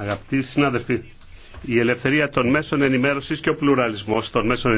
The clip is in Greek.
Αγαπητοί συνάδελφοι, η ελευθερία των μέσων ενημέρωσης και ο πλουραλισμός των μέσων ενημέρωσης